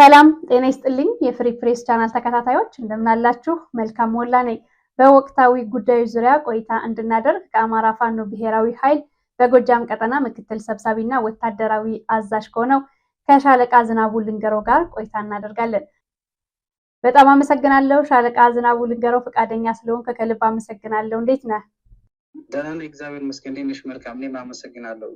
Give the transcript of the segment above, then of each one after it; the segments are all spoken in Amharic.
ሰላም ጤና ይስጥልኝ። የፍሪ ፕሬስ ቻናል ተከታታዮች እንደምናላችሁ፣ መልካም ሞላ ነኝ። በወቅታዊ ጉዳዮች ዙሪያ ቆይታ እንድናደርግ ከአማራ ፋኖ ብሔራዊ ኃይል በጎጃም ቀጠና ምክትል ሰብሳቢና ወታደራዊ አዛዥ ከሆነው ከሻለቃ ዝናቡ ልንገሮ ጋር ቆይታ እናደርጋለን። በጣም አመሰግናለሁ ሻለቃ ዝናቡ ልንገሮ ፈቃደኛ ስለሆን ከልብ አመሰግናለሁ። እንዴት ነህ? ደህና ነኝ፣ እግዚአብሔር ይመስገን። እንዴት ነሽ? መልካም። እኔም አመሰግናለሁ።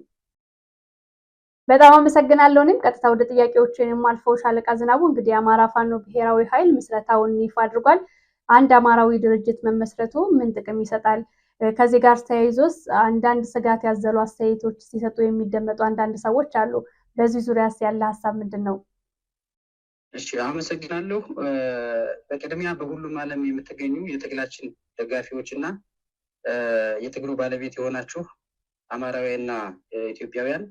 በጣም አመሰግናለሁ። እኔም ቀጥታ ወደ ጥያቄዎችን አልፈው ሻለቃ ዝናቡ እንግዲህ የአማራ ፋኖ ብሔራዊ ኃይል ምስረታውን ይፋ አድርጓል። አንድ አማራዊ ድርጅት መመስረቱ ምን ጥቅም ይሰጣል? ከዚህ ጋር ተያይዞስ አንዳንድ ስጋት ያዘሉ አስተያየቶች ሲሰጡ የሚደመጡ አንዳንድ ሰዎች አሉ። በዚህ ዙሪያስ ያለ ሀሳብ ምንድን ነው? እሺ አመሰግናለሁ። በቅድሚያ በሁሉም ዓለም የምትገኙ የትግላችን ደጋፊዎች እና የትግሉ ባለቤት የሆናችሁ አማራውያንና ኢትዮጵያውያን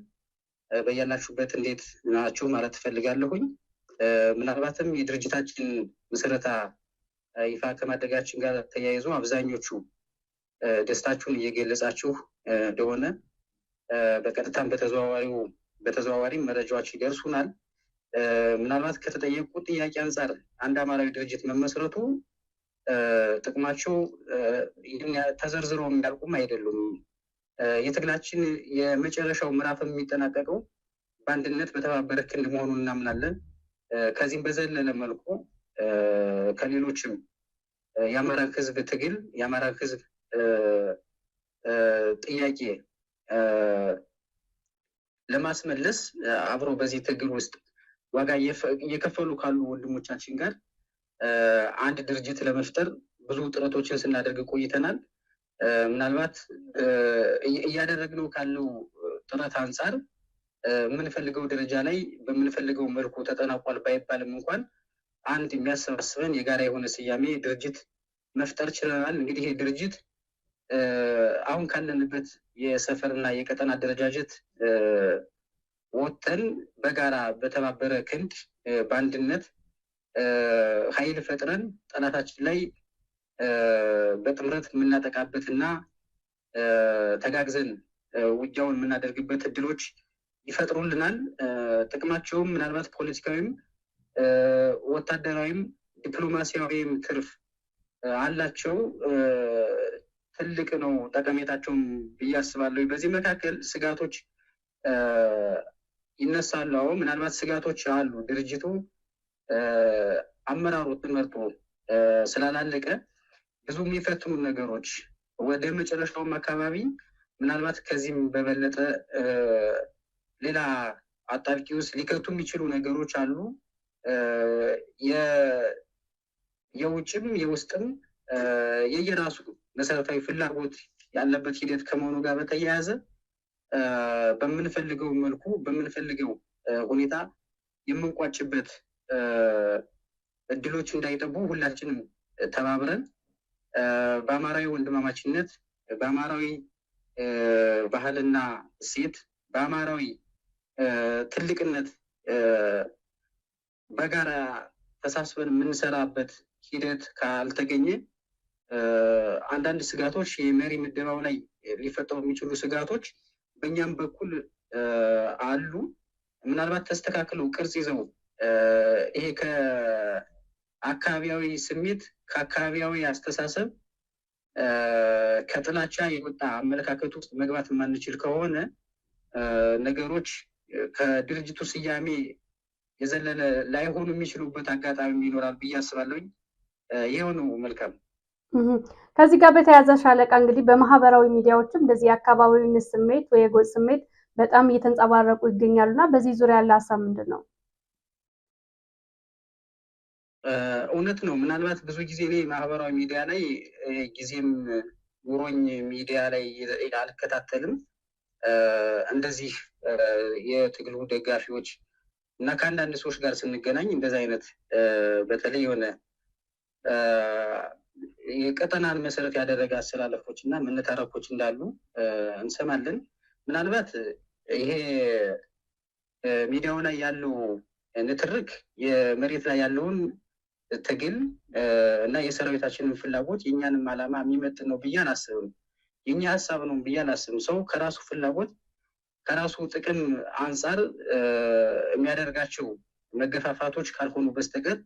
በያላችሁበት እንዴት ናችሁ ማለት ትፈልጋለሁኝ። ምናልባትም የድርጅታችን ምስረታ ይፋ ከማድረጋችን ጋር ተያይዞ አብዛኞቹ ደስታችሁን እየገለጻችሁ እንደሆነ በቀጥታም በተዘዋዋሪው በተዘዋዋሪም መረጃዎች ይደርሱናል። ምናልባት ከተጠየቁ ጥያቄ አንጻር አንድ አማራዊ ድርጅት መመስረቱ ጥቅማቸው ተዘርዝረው የሚያልቁም አይደሉም። የትግላችን የመጨረሻው ምዕራፍ የሚጠናቀቀው በአንድነት በተባበረ ክንድ መሆኑን እናምናለን። ከዚህም በዘለለ መልኩ ከሌሎችም የአማራ ህዝብ ትግል የአማራ ህዝብ ጥያቄ ለማስመለስ አብሮ በዚህ ትግል ውስጥ ዋጋ እየከፈሉ ካሉ ወንድሞቻችን ጋር አንድ ድርጅት ለመፍጠር ብዙ ጥረቶችን ስናደርግ ቆይተናል። ምናልባት እያደረግነው ካለው ጥረት አንጻር የምንፈልገው ደረጃ ላይ በምንፈልገው መልኩ ተጠናቋል ባይባልም እንኳን አንድ የሚያሰባስበን የጋራ የሆነ ስያሜ ድርጅት መፍጠር ችለናል። እንግዲህ ይሄ ድርጅት አሁን ካለንበት የሰፈርና የቀጠና አደረጃጀት ወጥተን በጋራ በተባበረ ክንድ በአንድነት ኃይል ፈጥረን ጠላታችን ላይ በጥምረት የምናጠቃበትና ተጋግዘን ውጊያውን የምናደርግበት እድሎች ይፈጥሩልናል። ጥቅማቸውም ምናልባት ፖለቲካዊም፣ ወታደራዊም፣ ዲፕሎማሲያዊም ትርፍ አላቸው። ትልቅ ነው ጠቀሜታቸውም ብዬ አስባለሁ። በዚህ መካከል ስጋቶች ይነሳሉ። ምናልባት ስጋቶች አሉ። ድርጅቱ አመራሩ ትምህርቱ ስላላለቀ ህዝቡ የሚፈትኑ ነገሮች ወደ መጨረሻውም አካባቢ ምናልባት ከዚህም በበለጠ ሌላ አጣብቂ ውስጥ ሊከቱ የሚችሉ ነገሮች አሉ። የውጭም የውስጥም የየራሱ መሰረታዊ ፍላጎት ያለበት ሂደት ከመሆኑ ጋር በተያያዘ በምንፈልገው መልኩ በምንፈልገው ሁኔታ የምንቋጭበት እድሎች እንዳይጠቡ ሁላችንም ተባብረን በአማራዊ ወንድማማችነት፣ በአማራዊ ባህልና እሴት፣ በአማራዊ ትልቅነት በጋራ ተሳስበን የምንሰራበት ሂደት ካልተገኘ አንዳንድ ስጋቶች የመሪ ምደባው ላይ ሊፈጠሩ የሚችሉ ስጋቶች በእኛም በኩል አሉ። ምናልባት ተስተካክለው ቅርጽ ይዘው ይሄ አካባቢያዊ ስሜት ከአካባቢያዊ አስተሳሰብ ከጥላቻ የወጣ አመለካከት ውስጥ መግባት የማንችል ከሆነ ነገሮች ከድርጅቱ ስያሜ የዘለለ ላይሆኑ የሚችሉበት አጋጣሚ ይኖራል ብዬ አስባለሁኝ። ይኸው ነው። መልካም። ከዚህ ጋር በተያያዘ ሻለቃ እንግዲህ በማህበራዊ ሚዲያዎችም እንደዚህ የአካባቢዊነት ስሜት ወይ የጎጥ ስሜት በጣም እየተንጸባረቁ ይገኛሉ እና በዚህ ዙሪያ ያለ ሀሳብ ምንድን ነው? እውነት ነው። ምናልባት ብዙ ጊዜ እኔ ማህበራዊ ሚዲያ ላይ ጊዜም ኑሮኝ ሚዲያ ላይ አልከታተልም። እንደዚህ የትግሉ ደጋፊዎች እና ከአንዳንድ ሰዎች ጋር ስንገናኝ እንደዚህ አይነት በተለይ የሆነ የቀጠናን መሰረት ያደረገ አሰላለፎች እና መነታረኮች እንዳሉ እንሰማለን። ምናልባት ይሄ ሚዲያው ላይ ያለው ንትርክ የመሬት ላይ ያለውን ትግል እና የሰራዊታችንን ፍላጎት የእኛንም ዓላማ የሚመጥን ነው ብዬ አላስብም። የእኛ ሀሳብ ነው ብዬ አላስብም። ሰው ከራሱ ፍላጎት ከራሱ ጥቅም አንጻር የሚያደርጋቸው መገፋፋቶች ካልሆኑ በስተቀር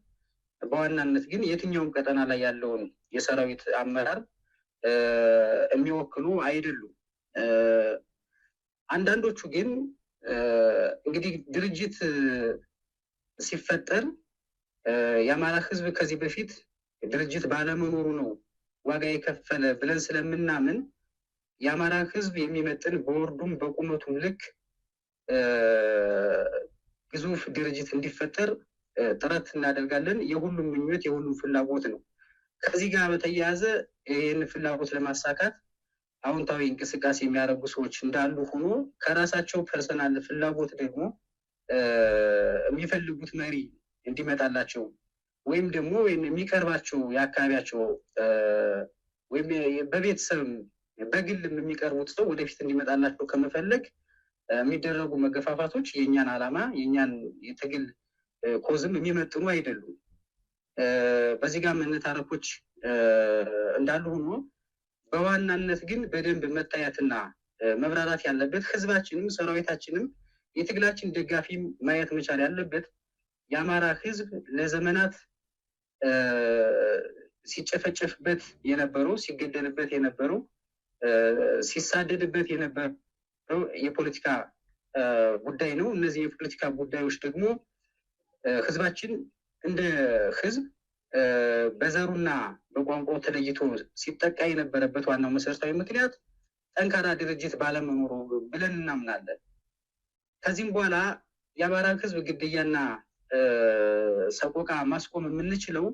በዋናነት ግን የትኛውም ቀጠና ላይ ያለውን የሰራዊት አመራር የሚወክሉ አይደሉም። አንዳንዶቹ ግን እንግዲህ ድርጅት ሲፈጠር የአማራ ህዝብ ከዚህ በፊት ድርጅት ባለመኖሩ ነው ዋጋ የከፈለ ብለን ስለምናምን የአማራ ህዝብ የሚመጥን በወርዱም በቁመቱም ልክ ግዙፍ ድርጅት እንዲፈጠር ጥረት እናደርጋለን። የሁሉም ምኞት የሁሉም ፍላጎት ነው። ከዚህ ጋር በተያያዘ ይህን ፍላጎት ለማሳካት አዎንታዊ እንቅስቃሴ የሚያደርጉ ሰዎች እንዳሉ ሆኖ ከራሳቸው ፐርሰናል ፍላጎት ደግሞ የሚፈልጉት መሪ እንዲመጣላቸው ወይም ደግሞ የሚቀርባቸው የአካባቢያቸው ወይም በቤተሰብም በግልም የሚቀርቡት ሰው ወደፊት እንዲመጣላቸው ከመፈለግ የሚደረጉ መገፋፋቶች የእኛን ዓላማ የእኛን የትግል ኮዝም የሚመጥኑ አይደሉም። በዚህ ጋር መነታረኮች እንዳሉ ሆኖ በዋናነት ግን በደንብ መታየትና መብራራት ያለበት ህዝባችንም ሰራዊታችንም የትግላችን ደጋፊ ማየት መቻል ያለበት የአማራ ህዝብ ለዘመናት ሲጨፈጨፍበት የነበረው ሲገደልበት የነበረው ሲሳደድበት የነበረው የፖለቲካ ጉዳይ ነው። እነዚህ የፖለቲካ ጉዳዮች ደግሞ ህዝባችን እንደ ህዝብ በዘሩና በቋንቋው ተለይቶ ሲጠቃ የነበረበት ዋናው መሰረታዊ ምክንያት ጠንካራ ድርጅት ባለመኖሩ ብለን እናምናለን። ከዚህም በኋላ የአማራ ህዝብ ግድያና ሰቆቃ ማስቆም የምንችለው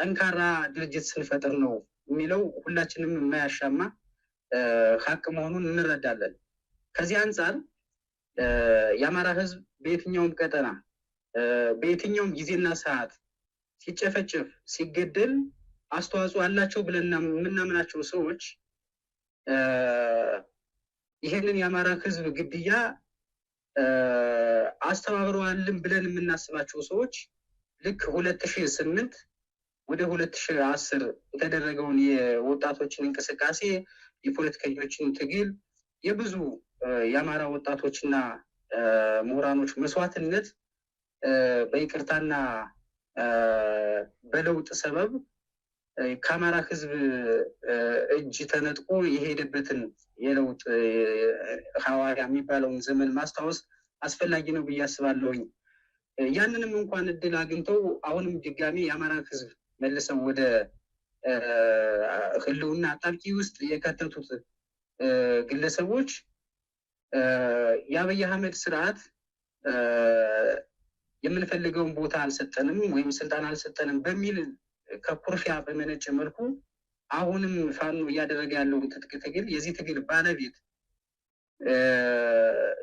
ጠንካራ ድርጅት ስንፈጥር ነው የሚለው ሁላችንም የማያሻማ ሀቅ መሆኑን እንረዳለን። ከዚህ አንጻር የአማራ ህዝብ በየትኛውም ቀጠና በየትኛውም ጊዜና ሰዓት ሲጨፈጭፍ፣ ሲገደል አስተዋጽኦ አላቸው ብለን የምናምናቸው ሰዎች ይህንን የአማራ ህዝብ ግድያ አስተባብረዋልን ብለን የምናስባቸው ሰዎች ልክ ሁለት ሺ ስምንት ወደ ሁለት ሺ አስር የተደረገውን የወጣቶችን እንቅስቃሴ የፖለቲከኞችን ትግል የብዙ የአማራ ወጣቶችና ምሁራኖች መስዋዕትነት በይቅርታና በለውጥ ሰበብ ከአማራ ህዝብ እጅ ተነጥቆ የሄደበትን የለውጥ ሐዋርያ የሚባለውን ዘመን ማስታወስ አስፈላጊ ነው ብዬ አስባለሁኝ። ያንንም እንኳን እድል አግኝተው አሁንም ድጋሚ የአማራ ህዝብ መልሰው ወደ ህልውና አጣብቂኝ ውስጥ የከተቱት ግለሰቦች የአብይ አህመድ ስርዓት የምንፈልገውን ቦታ አልሰጠንም ወይም ስልጣን አልሰጠንም በሚል ከኩርፊያ በመነጨ መልኩ አሁንም ፋኖ እያደረገ ያለውን ትጥቅ ትግል የዚህ ትግል ባለቤት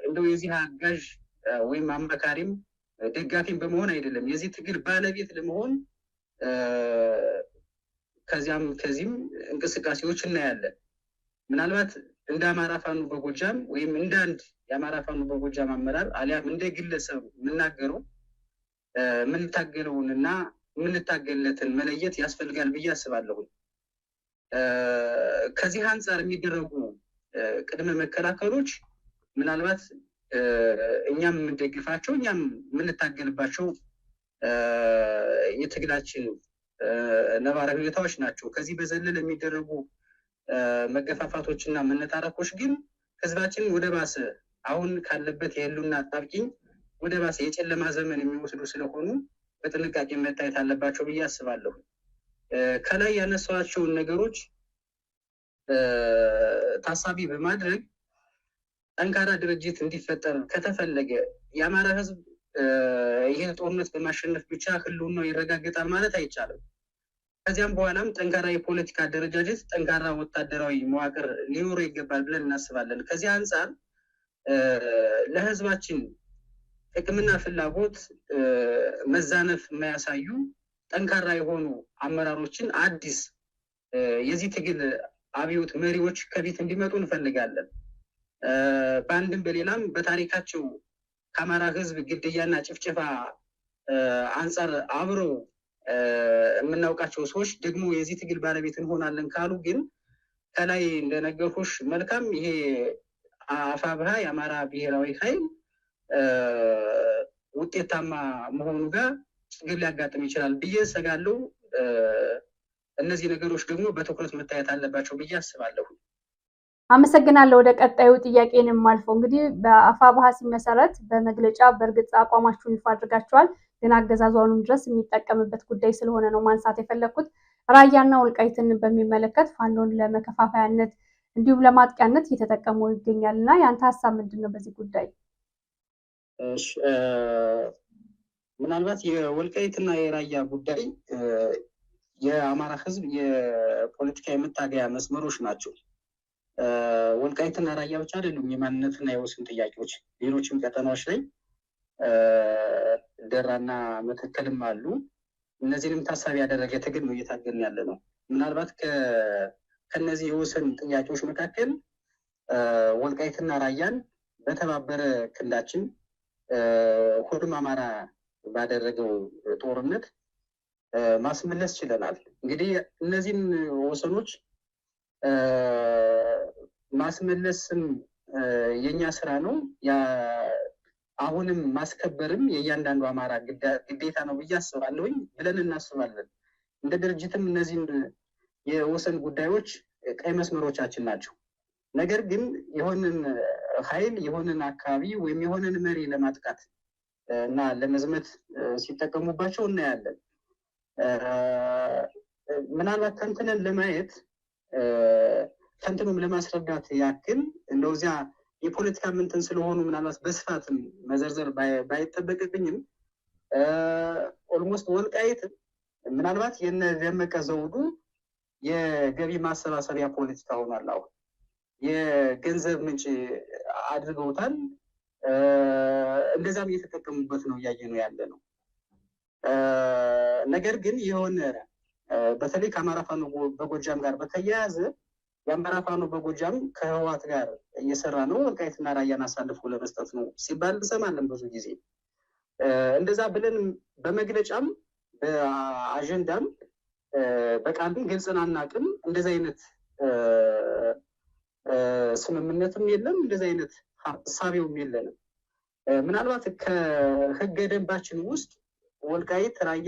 እንደው የዚህ አጋዥ ወይም አማካሪም ደጋፊም በመሆን አይደለም። የዚህ ትግል ባለቤት ለመሆን ከዚያም ከዚህም እንቅስቃሴዎች እናያለን። ምናልባት እንደ አማራ ፋኑ በጎጃም ወይም እንደ አንድ የአማራ ፋኑ በጎጃም አመራር አሊያም እንደ ግለሰብ የምናገረው የምንታገለውን እና የምንታገልለትን መለየት ያስፈልጋል ብዬ አስባለሁኝ። ከዚህ አንጻር የሚደረጉ ቅድመ መከላከሎች ምናልባት እኛም የምንደግፋቸው እኛም የምንታገልባቸው የትግላችን ነባራዊ ሁኔታዎች ናቸው። ከዚህ በዘለል የሚደረጉ መገፋፋቶች እና መነታረኮች ግን ህዝባችን ወደ ባሰ አሁን ካለበት የህሉና አጣብቂኝ ወደ ባሰ የጨለማ ዘመን የሚወስዱ ስለሆኑ በጥንቃቄ መታየት አለባቸው ብዬ አስባለሁ። ከላይ ያነሷቸውን ነገሮች ታሳቢ በማድረግ ጠንካራ ድርጅት እንዲፈጠር ከተፈለገ የአማራ ህዝብ ይህን ጦርነት በማሸነፍ ብቻ ህልውናው ይረጋገጣል ማለት አይቻልም። ከዚያም በኋላም ጠንካራ የፖለቲካ አደረጃጀት፣ ጠንካራ ወታደራዊ መዋቅር ሊኖረው ይገባል ብለን እናስባለን። ከዚህ አንጻር ለህዝባችን ጥቅምና ፍላጎት መዛነፍ የማያሳዩ ጠንካራ የሆኑ አመራሮችን አዲስ የዚህ ትግል አብዮት መሪዎች ከፊት እንዲመጡ እንፈልጋለን። በአንድም በሌላም በታሪካቸው ከአማራ ህዝብ ግድያና ጭፍጨፋ አንጻር አብረው የምናውቃቸው ሰዎች ደግሞ የዚህ ትግል ባለቤት እንሆናለን ካሉ ግን ከላይ እንደነገርኩሽ መልካም ይሄ አፋብሃ የአማራ ብሔራዊ ኃይል ውጤታማ መሆኑ ጋር ችግር ሊያጋጥም ይችላል ብዬ ሰጋለሁ። እነዚህ ነገሮች ደግሞ በትኩረት መታየት አለባቸው ብዬ አስባለሁ። አመሰግናለሁ። ወደ ቀጣዩ ጥያቄንም የማልፈው እንግዲህ በአፋብኃ ሲመሰረት በመግለጫ በእርግጥ አቋማችሁን ይፋ አድርጋችኋል፣ ግን አገዛዟኑም ድረስ የሚጠቀምበት ጉዳይ ስለሆነ ነው ማንሳት የፈለግኩት። ራያና ወልቃይትን በሚመለከት ፋኖን ለመከፋፈያነት እንዲሁም ለማጥቂያነት እየተጠቀሙ ይገኛል እና የአንተ ሀሳብ ምንድን ነው በዚህ ጉዳይ? ምናልባት የወልቃይትና የራያ ጉዳይ የአማራ ህዝብ የፖለቲካ የመታገያ መስመሮች ናቸው። ወልቃይትና ራያ ብቻ አይደሉም። የማንነትና የወሰን ጥያቄዎች ሌሎችም ቀጠናዎች ላይ ደራና መተከልም አሉ። እነዚህንም ታሳቢ ያደረገ ትግል ነው እየታገልን ያለ ነው። ምናልባት ከነዚህ የወሰን ጥያቄዎች መካከል ወልቃይትና ራያን በተባበረ ክንዳችን ሁሉም አማራ ባደረገው ጦርነት ማስመለስ ችለናል። እንግዲህ እነዚህን ወሰኖች ማስመለስም የእኛ ስራ ነው። አሁንም ማስከበርም የእያንዳንዱ አማራ ግዴታ ነው ብዬ አስባለሁኝ ብለን እናስባለን። እንደ ድርጅትም እነዚህን የወሰን ጉዳዮች ቀይ መስመሮቻችን ናቸው። ነገር ግን የሆንን ኃይል የሆነን አካባቢ ወይም የሆነን መሪ ለማጥቃት እና ለመዝመት ሲጠቀሙባቸው እናያለን። ምናልባት ተንትነን ለማየት ተንትኖም ለማስረዳት ያክል እንደዚያ የፖለቲካ ምንትን ስለሆኑ ምናልባት በስፋትም መዘርዘር ባይጠበቅብኝም ኦልሞስት ወልቃይት ምናልባት የነ ደመቀ ዘውዱ የገቢ ማሰባሰቢያ ፖለቲካ ሆኗል አሁን የገንዘብ ምንጭ አድርገውታል። እንደዛም እየተጠቀሙበት ነው እያየ ነው ያለ ነው። ነገር ግን የሆነ በተለይ ከአማራ ፋኖ በጎጃም ጋር በተያያዘ የአማራ ፋኖ በጎጃም ከህወሓት ጋር እየሰራ ነው ወልቃይትና ራያን አሳልፎ ለመስጠት ነው ሲባል እንሰማለን ብዙ ጊዜ። እንደዛ ብለን በመግለጫም በአጀንዳም በቃልም ግልጽን አናቅም። እንደዚ አይነት ስምምነትም የለም፣ እንደዚህ አይነት ሳቢውም የለንም። ምናልባት ከህገ ደንባችን ውስጥ ወልቃይት፣ ራያ፣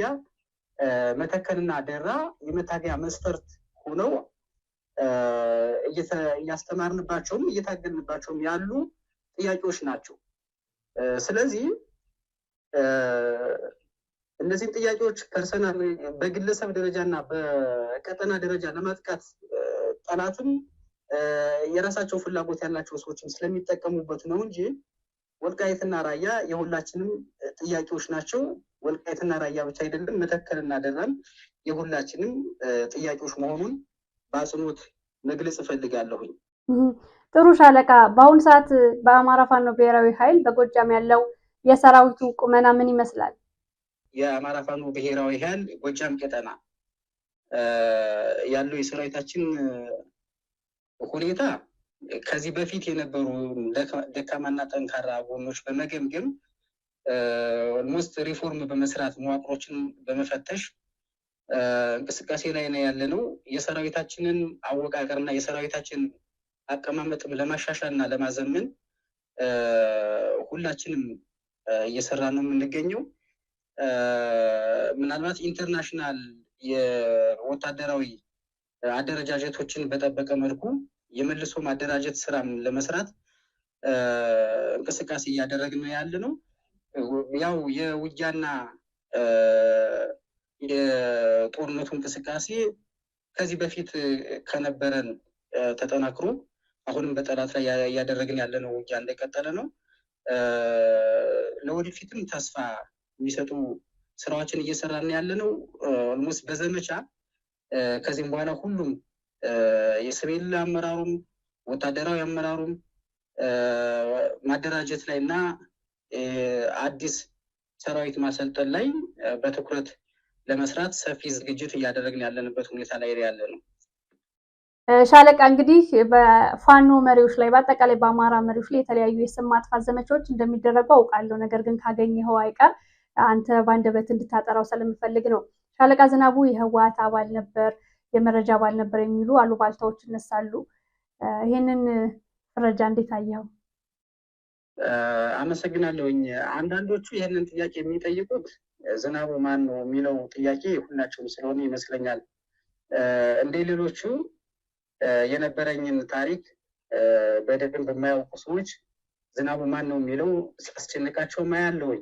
መተከልና ደራ የመታገያ መስፈርት ሆነው እያስተማርንባቸውም እየታገልንባቸውም ያሉ ጥያቄዎች ናቸው። ስለዚህ እነዚህን ጥያቄዎች ፐርሰናል በግለሰብ ደረጃ እና በቀጠና ደረጃ ለማጥቃት ጠላትም የራሳቸው ፍላጎት ያላቸው ሰዎችም ስለሚጠቀሙበት ነው እንጂ ወልቃየትና ራያ የሁላችንም ጥያቄዎች ናቸው። ወልቃየትና ራያ ብቻ አይደለም፣ መተከልና ደራም የሁላችንም ጥያቄዎች መሆኑን በአጽንኦት መግለጽ እፈልጋለሁኝ። ጥሩ ሻለቃ፣ በአሁኑ ሰዓት በአማራ ፋኖ ብሔራዊ ኃይል በጎጃም ያለው የሰራዊቱ ቁመና ምን ይመስላል? የአማራ ፋኖ ብሔራዊ ኃይል ጎጃም ቀጠና ያለው የሰራዊታችን ሁኔታ ከዚህ በፊት የነበሩ ደካማና ጠንካራ ጎኖች በመገምገም ኦልሞስት ሪፎርም በመስራት መዋቅሮችን በመፈተሽ እንቅስቃሴ ላይ ነው ያለ ነው። የሰራዊታችንን አወቃቀርና የሰራዊታችንን አቀማመጥም ለማሻሻል እና ለማዘመን ሁላችንም እየሰራ ነው የምንገኘው። ምናልባት ኢንተርናሽናል የወታደራዊ አደረጃጀቶችን በጠበቀ መልኩ የመልሶ ማደራጀት ስራም ለመስራት እንቅስቃሴ እያደረግን ነው ያለ ነው። ያው የውጊያና የጦርነቱ እንቅስቃሴ ከዚህ በፊት ከነበረን ተጠናክሮ አሁንም በጠላት ላይ እያደረግን ነው ውጊያ እንደቀጠለ ነው። ለወደፊትም ተስፋ የሚሰጡ ስራዎችን እየሰራን ያለ ነው። ኦልሞስት በዘመቻ ከዚህም በኋላ ሁሉም የሲቪል አመራሩም ወታደራዊ አመራሩም ማደራጀት ላይ እና አዲስ ሰራዊት ማሰልጠን ላይ በትኩረት ለመስራት ሰፊ ዝግጅት እያደረግን ያለንበት ሁኔታ ላይ ያለ ነው። ሻለቃ እንግዲህ በፋኖ መሪዎች ላይ በአጠቃላይ በአማራ መሪዎች ላይ የተለያዩ የስም ማጥፋት ዘመቻዎች እንደሚደረጉ አውቃለሁ። ነገር ግን ካገኘኸው አይቀር አንተ በአንደበት እንድታጠራው ስለምፈልግ ነው። ሻለቃ ዝናቡ የህወሀት አባል ነበር፣ የመረጃ አባል ነበር የሚሉ አሉባልታዎች ይነሳሉ። ይህንን ፍረጃ እንዴት አየኸው? አመሰግናለሁኝ። አንዳንዶቹ ይህንን ጥያቄ የሚጠይቁት ዝናቡ ማን ነው የሚለው ጥያቄ ሁላቸውም ስለሆነ ይመስለኛል። እንደ ሌሎቹ የነበረኝን ታሪክ በደንብ የማያውቁ ሰዎች ዝናቡ ማን ነው የሚለው ሲያስጨንቃቸው ማያለውኝ።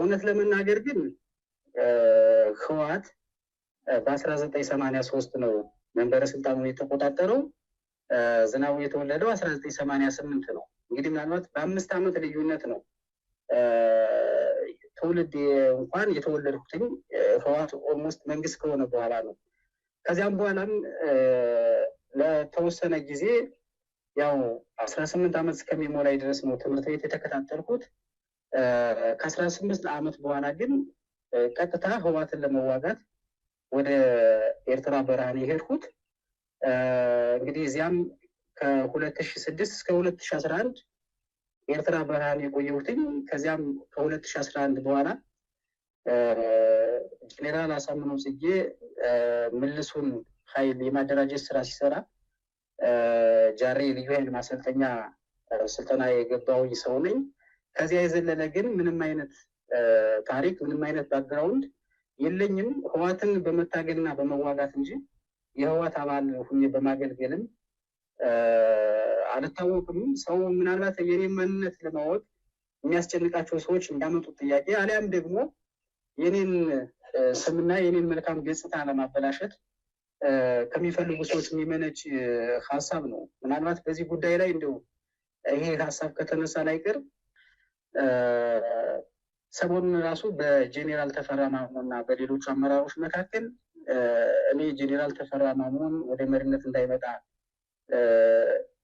እውነት ለመናገር ግን ህወሓት በ ሶስት ነው መንበረ ስልጣኑ የተቆጣጠረው። ዝናቡ የተወለደው ስምንት ነው። እንግዲህ ምናልባት በአምስት ዓመት ልዩነት ነው ትውልድ እንኳን የተወለድኩትኝ ህወሓት ኦልሞስት መንግስት ከሆነ በኋላ ነው። ከዚያም በኋላም ለተወሰነ ጊዜ ያው አስራ ስምንት ዓመት እስከሚሞላኝ ድረስ ነው ትምህርት ቤት የተከታተልኩት። ከአስራ ስምንት ዓመት በኋላ ግን ቀጥታ ህዋትን ለመዋጋት ወደ ኤርትራ በረሃን የሄድኩት እንግዲህ እዚያም ከሁለት ሺ ስድስት እስከ ሁለት ሺ አስራ አንድ ኤርትራ በረሃን የቆየሁትኝ። ከዚያም ከሁለት ሺ አስራ አንድ በኋላ ጄኔራል አሳምነው ጽጌ ምልሱን ኃይል የማደራጀት ስራ ሲሰራ ጃሬ ልዩ ኃይል ማሰልጠኛ ስልጠና የገባውኝ ሰው ነኝ። ከዚያ የዘለለ ግን ምንም አይነት ታሪክ፣ ምንም አይነት ባክግራውንድ የለኝም። ህዋትን በመታገልና በመዋጋት እንጂ የህዋት አባል ሁኜ በማገልገልም አልታወቅም። ሰው ምናልባት የኔ ማንነት ለማወቅ የሚያስጨንቃቸው ሰዎች እንዳመጡት ጥያቄ አሊያም ደግሞ የኔን ስምና የኔን መልካም ገጽታ ለማበላሸት ከሚፈልጉ ሰዎች የሚመነጭ ሀሳብ ነው። ምናልባት በዚህ ጉዳይ ላይ እንደው ይሄ ሀሳብ ከተነሳ ላይቀር ሰሞኑን ራሱ በጄኔራል ተፈራ ማሞና በሌሎቹ አመራሮች መካከል እኔ ጄኔራል ተፈራ ማሞን ወደ መሪነት እንዳይመጣ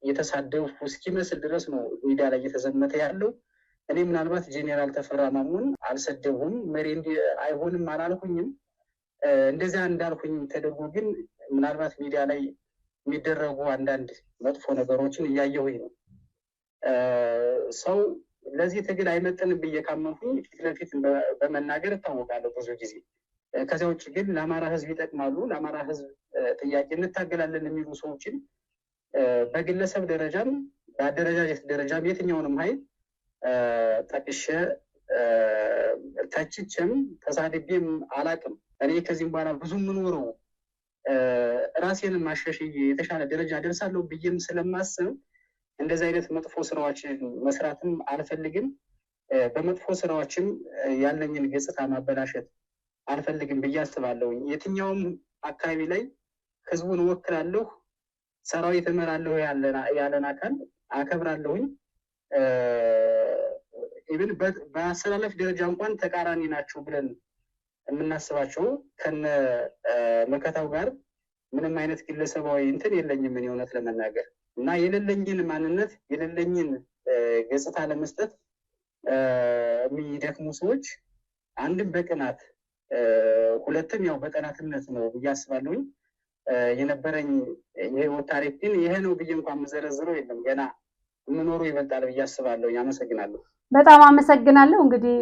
የተሳደው እስኪመስል ድረስ ነው ሚዲያ ላይ እየተዘመተ ያለው። እኔ ምናልባት ጄኔራል ተፈራ ማሞን አልሰደቡም፣ መሪ አይሆንም አላልኩኝም። እንደዚያ እንዳልኩኝ ተደርጎ ግን ምናልባት ሚዲያ ላይ የሚደረጉ አንዳንድ መጥፎ ነገሮችን እያየሁኝ ነው ሰው ለዚህ ትግል አይመጥንም ብዬ ካመንኩኝ ፊት ለፊት በመናገር እታወቃለሁ ብዙ ጊዜ። ከዚያ ውጭ ግን ለአማራ ህዝብ ይጠቅማሉ፣ ለአማራ ህዝብ ጥያቄ እንታገላለን የሚሉ ሰዎችን በግለሰብ ደረጃም በአደረጃጀት ደረጃም የትኛውንም ኃይል ጠቅሸ፣ ተችቼም ተሳድቤም አላቅም። እኔ ከዚህም በኋላ ብዙ የምኖረው ራሴንም አሻሽዬ የተሻለ ደረጃ ደርሳለሁ ብዬም ስለማስብ እንደዚህ አይነት መጥፎ ስራዎችን መስራትም አልፈልግም። በመጥፎ ስራዎችም ያለኝን ገጽታ ማበላሸት አልፈልግም ብዬ አስባለሁ። የትኛውም አካባቢ ላይ ህዝቡን እወክላለሁ፣ ሰራዊት እመራለሁ ያለን አካል አከብራለሁኝ። ኢብን በአሰላለፍ ደረጃ እንኳን ተቃራኒ ናቸው ብለን የምናስባቸው ከነ መከታው ጋር ምንም አይነት ግለሰባዊ እንትን የለኝም እኔ እውነት ለመናገር እና የሌለኝን ማንነት የሌለኝን ገጽታ ለመስጠት የሚደክሙ ሰዎች አንድም በቅናት ሁለትም ያው በጠናትነት ነው ብዬ አስባለሁኝ። የነበረኝ የህይወት ታሪክ ግን ይሄ ነው ብዬ እንኳን የምዘረዝረው የለም። ገና የምኖሩ ይበልጣል ብዬ አስባለሁ አመሰግናለሁ። በጣም አመሰግናለሁ። እንግዲህ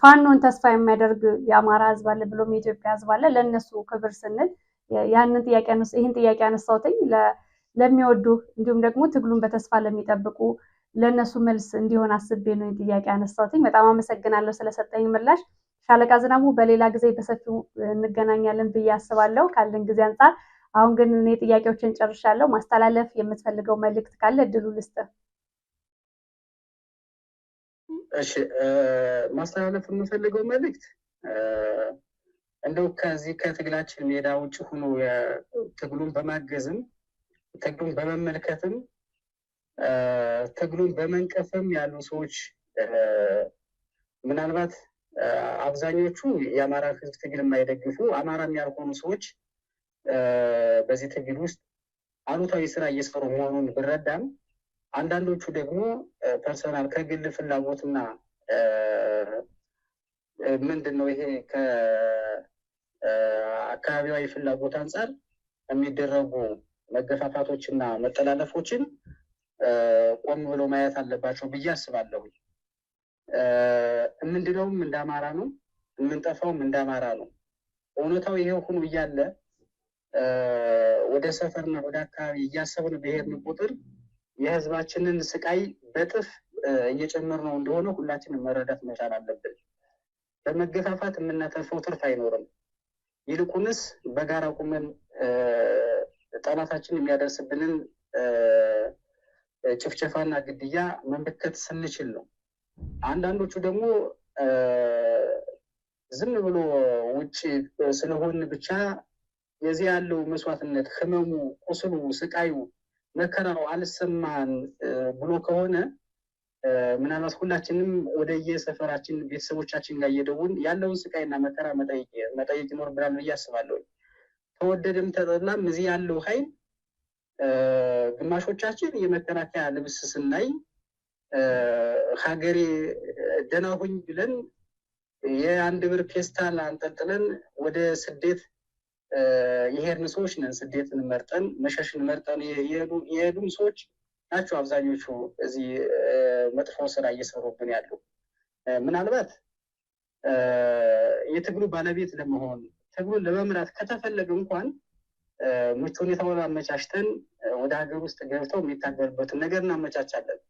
ፋኖን ተስፋ የሚያደርግ የአማራ ህዝብ አለ ብሎም የኢትዮጵያ ህዝብ አለ። ለእነሱ ክብር ስንል ያንን ጥያቄ ይህን ጥያቄ አነሳውትኝ ለሚወዱ እንዲሁም ደግሞ ትግሉን በተስፋ ለሚጠብቁ ለእነሱ መልስ እንዲሆን አስቤ ነው ጥያቄ አነሳሁትኝ። በጣም አመሰግናለሁ ስለሰጠኝ ምላሽ ሻለቃ ዝናቡ። በሌላ ጊዜ በሰፊው እንገናኛለን ብዬ አስባለሁ ካለን ጊዜ አንጻር። አሁን ግን እኔ ጥያቄዎችን ጨርሻለሁ። ማስተላለፍ የምትፈልገው መልእክት ካለ እድሉ ልስጥ። እሺ፣ ማስተላለፍ የምፈልገው መልእክት እንደው ከዚህ ከትግላችን ሜዳ ውጭ ሆኖ ትግሉን በማገዝም ትግሉን በመመልከትም ትግሉን በመንቀፍም ያሉ ሰዎች ምናልባት አብዛኞቹ የአማራ ህዝብ ትግል የማይደግፉ አማራም ያልሆኑ ሰዎች በዚህ ትግል ውስጥ አሉታዊ ስራ እየሰሩ መሆኑን ብረዳም አንዳንዶቹ ደግሞ ፐርሰናል ከግል ፍላጎትና ምንድን ነው ይሄ ከአካባቢያዊ ፍላጎት አንጻር የሚደረጉ መገፋፋቶችና መጠላለፎችን ቆም ብሎ ማየት አለባቸው ብዬ አስባለሁ የምንድነውም እንደ አማራ ነው፣ የምንጠፋውም እንደ አማራ ነው። እውነታው ይሄ ሁኑ እያለ ወደ ሰፈርና ወደ አካባቢ እያሰብን ብሄርን ቁጥር የህዝባችንን ስቃይ በጥፍ እየጨመር ነው እንደሆነ ሁላችንም መረዳት መቻል አለብን። በመገፋፋት የምናተርፈው ትርፍ አይኖርም። ይልቁንስ በጋራ ቁመን ህጻናታችን የሚያደርስብንን ጭፍጨፋና ግድያ መመከት ስንችል ነው። አንዳንዶቹ ደግሞ ዝም ብሎ ውጭ ስለሆን ብቻ የዚህ ያለው መስዋዕትነት፣ ህመሙ፣ ቁስሉ፣ ስቃዩ፣ መከራው አልሰማን ብሎ ከሆነ ምናልባት ሁላችንም ወደ የሰፈራችን ቤተሰቦቻችን ጋር እየደውን ያለውን ስቃይና መከራ መጠየቅ ይኖርብናል ብዬ አስባለሁ። ተወደደም ተጠላም እዚህ ያለው ኃይል ግማሾቻችን የመከላከያ ልብስ ስናይ ሀገሬ ደህና ሁኝ ብለን የአንድ ብር ፌስታል አንጠልጥለን ወደ ስደት የሄድን ሰዎች ነን። ስደትን መርጠን መሸሽን መርጠን የሄዱም ሰዎች ናቸው አብዛኞቹ እዚህ መጥፎ ስራ እየሰሩብን ያሉ። ምናልባት የትግሉ ባለቤት ለመሆን ትግሉን ለመምራት ከተፈለገ እንኳን ምቹ ሁኔታውን አመቻችተን ወደ ሀገር ውስጥ ገብተው የሚታገልበትን ነገር እናመቻቻለን።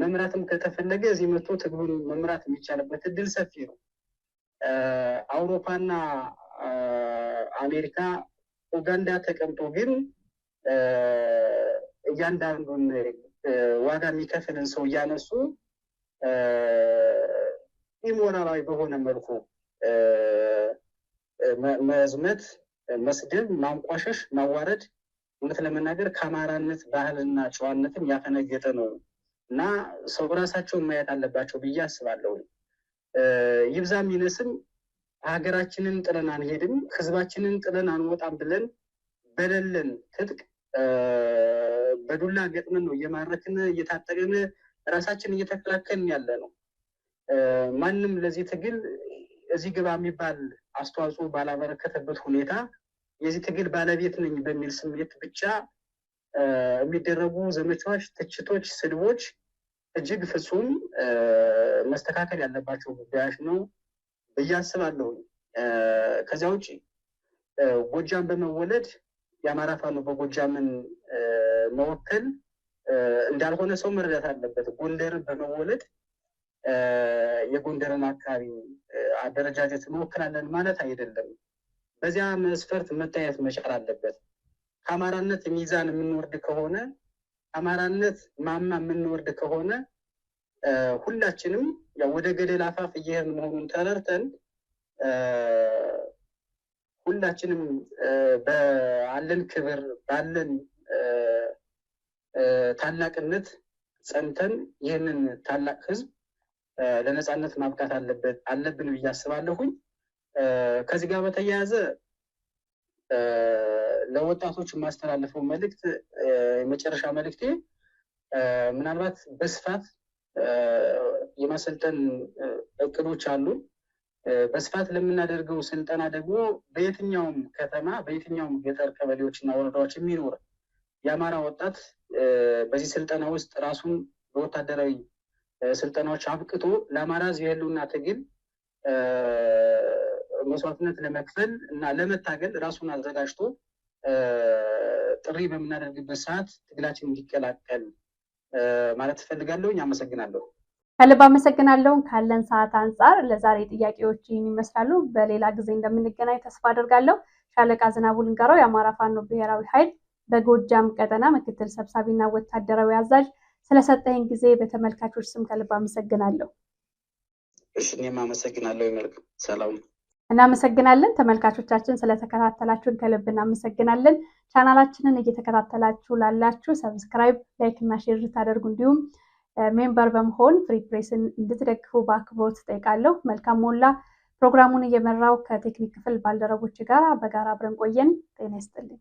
መምራትም ከተፈለገ እዚህ መቶ ትግሉን መምራት የሚቻልበት እድል ሰፊ ነው። አውሮፓና አሜሪካ ኡጋንዳ ተቀምጦ ግን እያንዳንዱን ዋጋ የሚከፍልን ሰው እያነሱ ኢሞራላዊ በሆነ መልኩ መዝመት፣ መስደብ፣ ማንቋሸሽ፣ ማዋረድ እውነት ለመናገር ከአማራነት ባህልና ጨዋነትም ያፈነገጠ ነው እና ሰው ራሳቸውን ማየት አለባቸው ብዬ አስባለሁ። ይብዛም ይነስም ሀገራችንን ጥለን አንሄድም፣ ህዝባችንን ጥለን አንወጣም ብለን በሌለን ትጥቅ በዱላ ገጥመን ነው እየማረክን እየታጠቅን ራሳችን እየተከላከልን ያለ ነው። ማንም ለዚህ ትግል እዚህ ግባ የሚባል አስተዋጽኦ ባላበረከተበት ሁኔታ የዚህ ትግል ባለቤት ነኝ በሚል ስሜት ብቻ የሚደረጉ ዘመቻዎች፣ ትችቶች፣ ስድቦች እጅግ ፍጹም መስተካከል ያለባቸው ጉዳዮች ነው ብዬ አስባለሁ። ከዚያ ውጭ ጎጃም በመወለድ የአማራ ፋኖ በጎጃምን መወከል እንዳልሆነ ሰው መረዳት አለበት። ጎንደርን በመወለድ የጎንደርን አካባቢ አደረጃጀት እንወክላለን ማለት አይደለም። በዚያ መስፈርት መታየት መቻል አለበት። ከአማራነት ሚዛን የምንወርድ ከሆነ አማራነት ማማ የምንወርድ ከሆነ ሁላችንም ወደ ገደል አፋፍ እየሄድን መሆኑን ተረርተን ሁላችንም ባለን ክብር ባለን ታላቅነት ጸንተን ይህንን ታላቅ ህዝብ ለነፃነት ማብቃት አለበት አለብን ብዬ አስባለሁኝ። ከዚህ ጋር በተያያዘ ለወጣቶች የማስተላለፈው መልእክት የመጨረሻ መልእክቴ ምናልባት በስፋት የማሰልጠን እቅዶች አሉ። በስፋት ለምናደርገው ስልጠና ደግሞ በየትኛውም ከተማ በየትኛውም ገጠር ቀበሌዎች እና ወረዳዎች የሚኖር የአማራ ወጣት በዚህ ስልጠና ውስጥ ራሱን በወታደራዊ ስልጠናዎች አብቅቶ ለአማራ ሕዝብ የህልውና ትግል መስዋዕትነት ለመክፈል እና ለመታገል ራሱን አዘጋጅቶ ጥሪ በምናደርግበት ሰዓት ትግላችን እንዲቀላቀል ማለት እፈልጋለሁ። አመሰግናለሁ። ከልብ አመሰግናለሁ። ካለን ሰዓት አንጻር ለዛሬ ጥያቄዎች ይመስላሉ። በሌላ ጊዜ እንደምንገናኝ ተስፋ አድርጋለሁ። ሻለቃ ዝናቡ ልንጋራው የአማራ ፋኖ ብሔራዊ ኃይል በጎጃም ቀጠና ምክትል ሰብሳቢና ወታደራዊ አዛዥ ስለሰጠኝ ጊዜ በተመልካቾች ስም ከልብ አመሰግናለሁ። እሺ እኔም አመሰግናለሁ። ሰላም እናመሰግናለን። ተመልካቾቻችን ስለተከታተላችሁን ከልብ እናመሰግናለን። ቻናላችንን እየተከታተላችሁ ላላችሁ ሰብስክራይብ፣ ላይክ እና ሼር ታደርጉ እንዲሁም ሜምበር በመሆን ፍሪ ፕሬስን እንድትደግፉ በአክብሮት ጠይቃለሁ። መልካም ሞላ ፕሮግራሙን እየመራው ከቴክኒክ ክፍል ባልደረቦች ጋር በጋራ አብረን ቆየን። ጤና ይስጥልኝ።